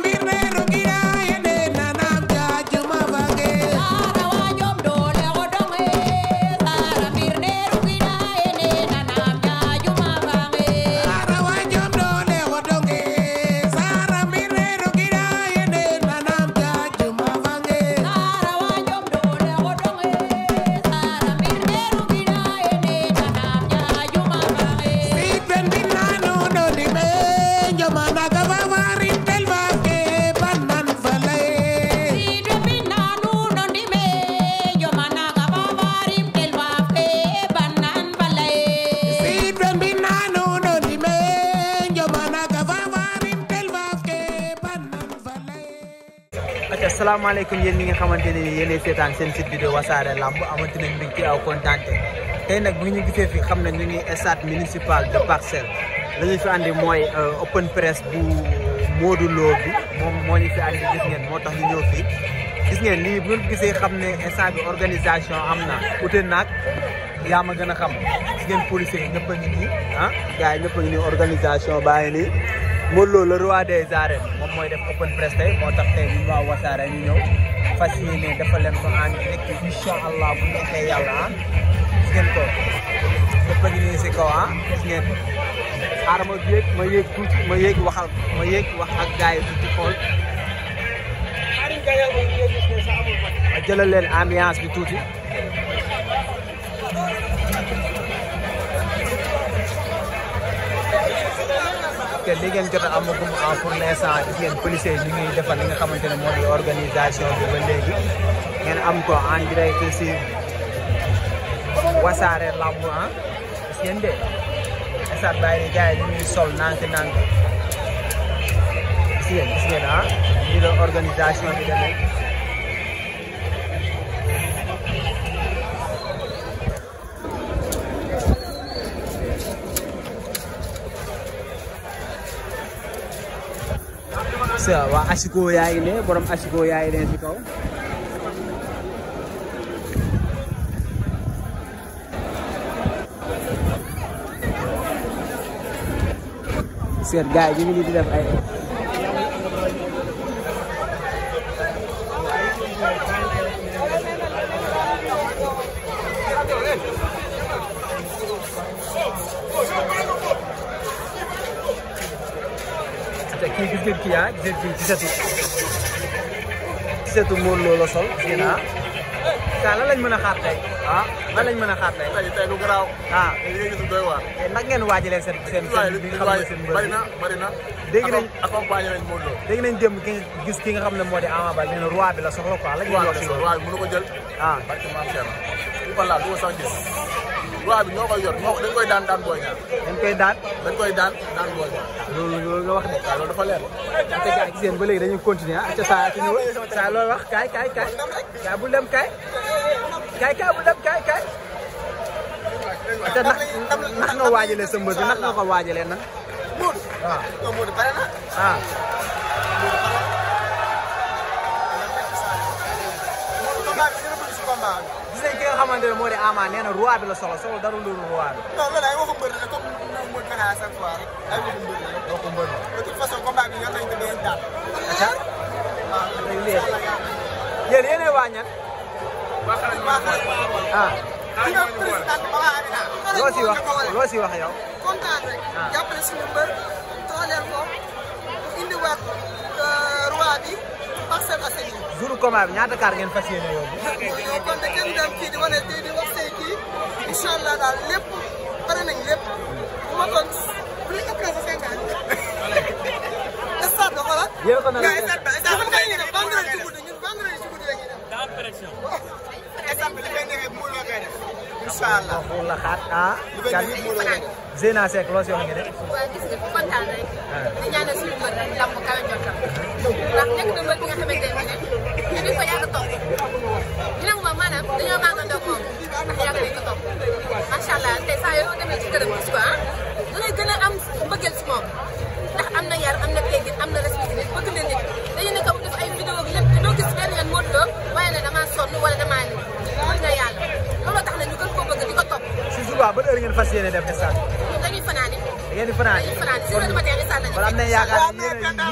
Mirne Roquina. salaamaaleykum yéen ñi nga xamante ne yéenay seetaan seen site vidéo Wassare Lamb amati nañ mbégte aw kontaante tey nag bu ñu gisee fi xam ne nu ngi stade municipal de Parcelles la fi andi mooy euh, open press bu Modou Lo bi moom moo ñu fi andi gis ngeen moo tax ñu ñëw fi gis ngeen ni bu ngeen gisee xam ne instant organisation am na ute naag yaa ma gën a xam gis ngeen policier yi ñëpp a nii ah gars yi ñëpp a nii organisation baa nii Modou Lo le moom mooy def open press moo tax tey ñun waa Wassare ñu ñëw fas yéene leen ko a ngi nii si kaw ah ko ah, ma yéeg ma wax ak gars yi leen ambiance bi tuuti. que li ngeen jot a amagum pour l' instant gis ngeen policiers yi ñu ngi defal li nga xamante ne mooy organisation bi ba léegi ngeen am ko en direct si wasaare lamb ah gis ngeen de instant bàyyi gars yi ngi sol nank nank gis ngeen gis ngeen ah nii la organisation bi demee. mix waa asiko yaa ngi ne borom asiko yaa ngi ne ci kaw seet gars yi ñu ngi te kii gis ngeen kii yaa gis ngeen kii gisatu gisatu Modou Lo la sol gis ngeen ah lan lañ mën a xaar tey ah mën a xaar tey. tey tey lu ah. eh, ngeen waajalee seen seen seen bii nga xam ne seen mbër bari na bari na. dégg nañ nañ Modou Lo. nañ dem ki gis ki nga xam ne moo di Ama Baldé nee na la soxla quoi. la ñuy wax ci ko jël. ah parce que maam Cheikh la. voilà du ko sax jël. roi bi ñoo koy yor ñoo dañ koy daan daan booy ñaar. dañ koy daan. dañ koy daan daan booy ñaar. loolu loolu nga wax de. waaw loolu dafa leer. te gaa gis ngeen ba léegi dañuy continuer ah ca saa ci ñëw saa looy wax kaay kaay kaay. kaay bul dem kaay. kaay kaay bul dem kaay kaay. te nax nax nga waajalee sa mbër bi nax nga ko waajalee nag. waaw Modou pare na. ah. Modou nga xamante ne moo di Ama nee na roi bi la soxla soxla dara lu dul roi bi. la comme ñoom Modou Kane à chaque fois rek la rek. waxu mbër la de toute façon bi yor nañu ko wax loo Parcelles Assainies. jour combat bi ñaata kaar ngeen fas yéene yóbbu. kon de kenn dem fii di wane tey di wax tey kii incha allah daal lépp pare nañ lépp bu ma doon bu ñu ëppee ba cinq ans. stade ba xoolal. yéen a ko nar a yéen stade ba stade ba kay ñun vendredi ci guddi ñun vendredi ci guddi la ñuy def. dans pression. stade bi li koy defee mënuloo koy def. incha allah waxul la xaat ah. kan Zeyna Seck loo si wax nga de. waaw gis nga kontaan rek. di ñaanal suñu mbër rek ndam kawe njottam. ndax nekk na mbër bi nga xamante ne ñu ngi ko yàgg a topp. dina ma maanaam dañoo màggandoo ko ndax yàgg nañ ko topp. macha allah tey saa yoo demee ci kër bu suba ah. da ngay gën a am mbëggeel si moom. waaw ban heure ngeen fas yéene dem stade dañuy fanaani da ngeen di fanaani wala am nañ yaakaar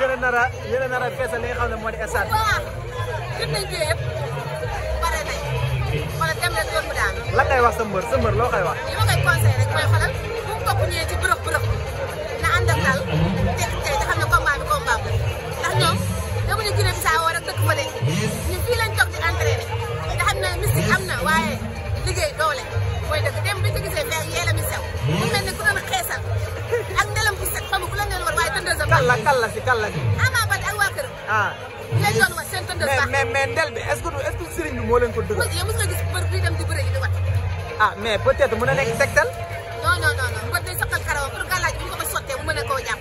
yéen a nar a yéen a nar a feesal li nga xam ne moo di stade wala dem leen yoon mu daal. lan ngay wax sa mbër sa mbër loo koy wax. li ma koy conseillé rek mooy xolal bu mu topp ñëwee ci bërëb bërëb na ànd ak daal te te xam ne combat bi combat bi ndax ñoom dama ne Guinée Bissau rek dëkk fa léegi ñu fii lañ toog di entraîné te xam ne mystique am na waaye liggéey doole. gisee fee yeela mi sew mu mel ni ku doon xeesal ak ndelam bu set xamu ku la ngeen war waaye tëndal sa kalla kalla si kalla si Ama Baldé ak waa këram ah lañ doon wax seen tëndal baax mais mais ndel bi est-ce que est-ce que sëriñ bi moo leen ko dëgg yow mos nga gis bër bi dem di bëre ji di wat ah mais peut-être mën na nekk tegtal non non non non mbër day saqal karaw pour gàllaaj bi ñu ko ko sottee mu mën a koo jàpp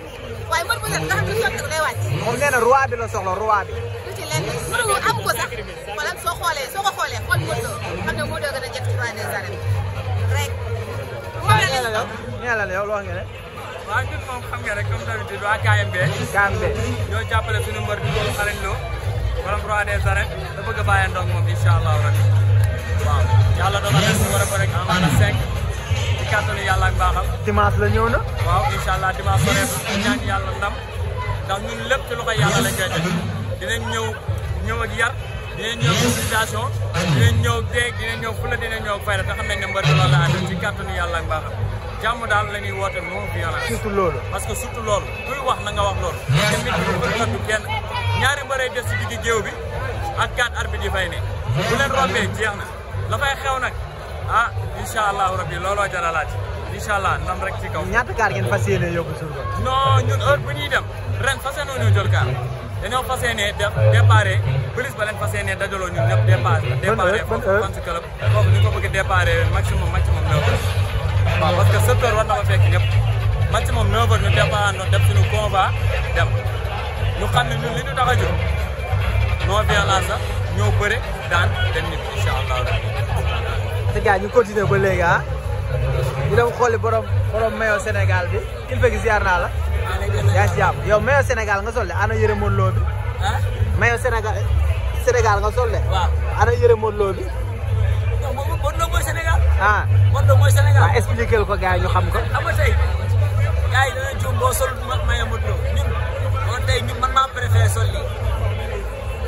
waaye mbër bu set nga xam ne sotti ko day wàcc moom nee na roi bi la soxla roi bi lu ci lenn mënu am ko sax wala soo xoolee soo ko xoolee xool Modou Lo xam ne moo doon gën a jot roi des arènes rek waaw la yow loo xam ne. waaw ñun moom xam nga rek comme d'habitude waa KMB. KMB ñoo jàppale suñu mbër di ko xarañ loo. borom roi des arènes da bëgg a bàyyi ndox moom incha allah rabi. waaw yàlla doon na leen war a bëri ak amaana cinq. di kàttanu yàlla ak baaxam. dimanche la ñëw na. waaw incha allah dimanche ba ren ñaan yàlla ndam. ndax ñun lépp ci loxo yàlla lañ koy def dinañ ñëw ñëw ak yar. dinañ ñëw utilisation dinañ ñëw déeg dinañ ñëw fula dinañ ñëw fayda te nañ ne mbër bi loolu la àndal ci yàlla ak baaxam jàmm daal la ñuy woote non violence surtout loolu parce que surtout loolu kuy wax na nga wax loolu te mbir bi mbër la du kenn ñaari mbëree des ci bi ak quatre arbitre yi fay ne bu leen rombee na la xew nag a ah, incha allahu rabbi looloo jar a laaj incha allah ndam rek ci kaw ñaata kaar ngeen fas yéene yóbbu suur non ñun heure bu ñuy dem ren fas yéene dañoo fas yéenee def déparé police ba leen fas yéenee dajaloo ñun ñëpp déparé. déparé foofu fan si club foofu ñu ko bëgg déparé maximum maximum 9 heures. waaw parce que 7 heures war na ko fekk ñëpp maximum 9 heures ñu déparandoo def suñu convoi dem ñu xam ne ñun li ñu tax a jóg non violence la ñoo bëre daan dem nit incha allah. te gars ñu continuer ba léegi ah ñu dem xooli borom borom maillot Sénégal bi il faut que ziar naa la. yaa si jàpp yow maillot nga sol de ana yëre Modou Lo bi. nga sol de. waaw ana yëre Modou Lo bi. non Modou Lo mooy Sénégal. ah Modou ko gars xam ko. xam nga tey gars yi maa préféré sol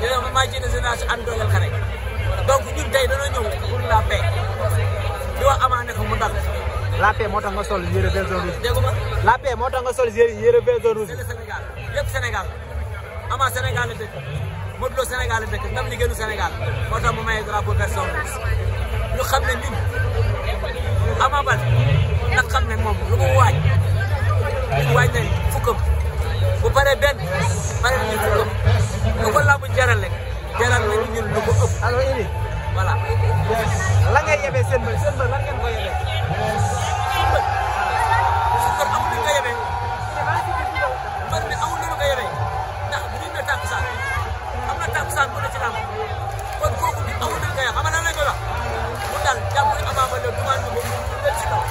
yooyu man maa jënd génération ànd dooleel xare donc ñun tey dana ñëw pour la paix di wax amaane ko mu dal. la paix moo tax nga sol yére vert jaune rouge. la paix moo tax nga sol yére vert jaune rouge. Sénégal lépp Sénégal ama Sénégal la dëkk Modou Lo Sénégal la dëkk ndam li gënu Sénégal moo tax mu maye drapeau vert jaune rouge ñu xam ne ñun Ama Baldé nag xam ne moom lu mu waaj ñu waaj tey fukkam bu paree benn pare nañu fukkam lu ko làmb jaral rek jaral nañu ñun lu ko ëpp. alors Ibi voilà. la ngay yebee seen mbër seen mbër lan ngeen ko yebee. kon kooku bi amul nga koy wax xam nga lan la ñu koy wax mu dal jàpp ne amaama la dumaan mu ko mu ci kaw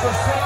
So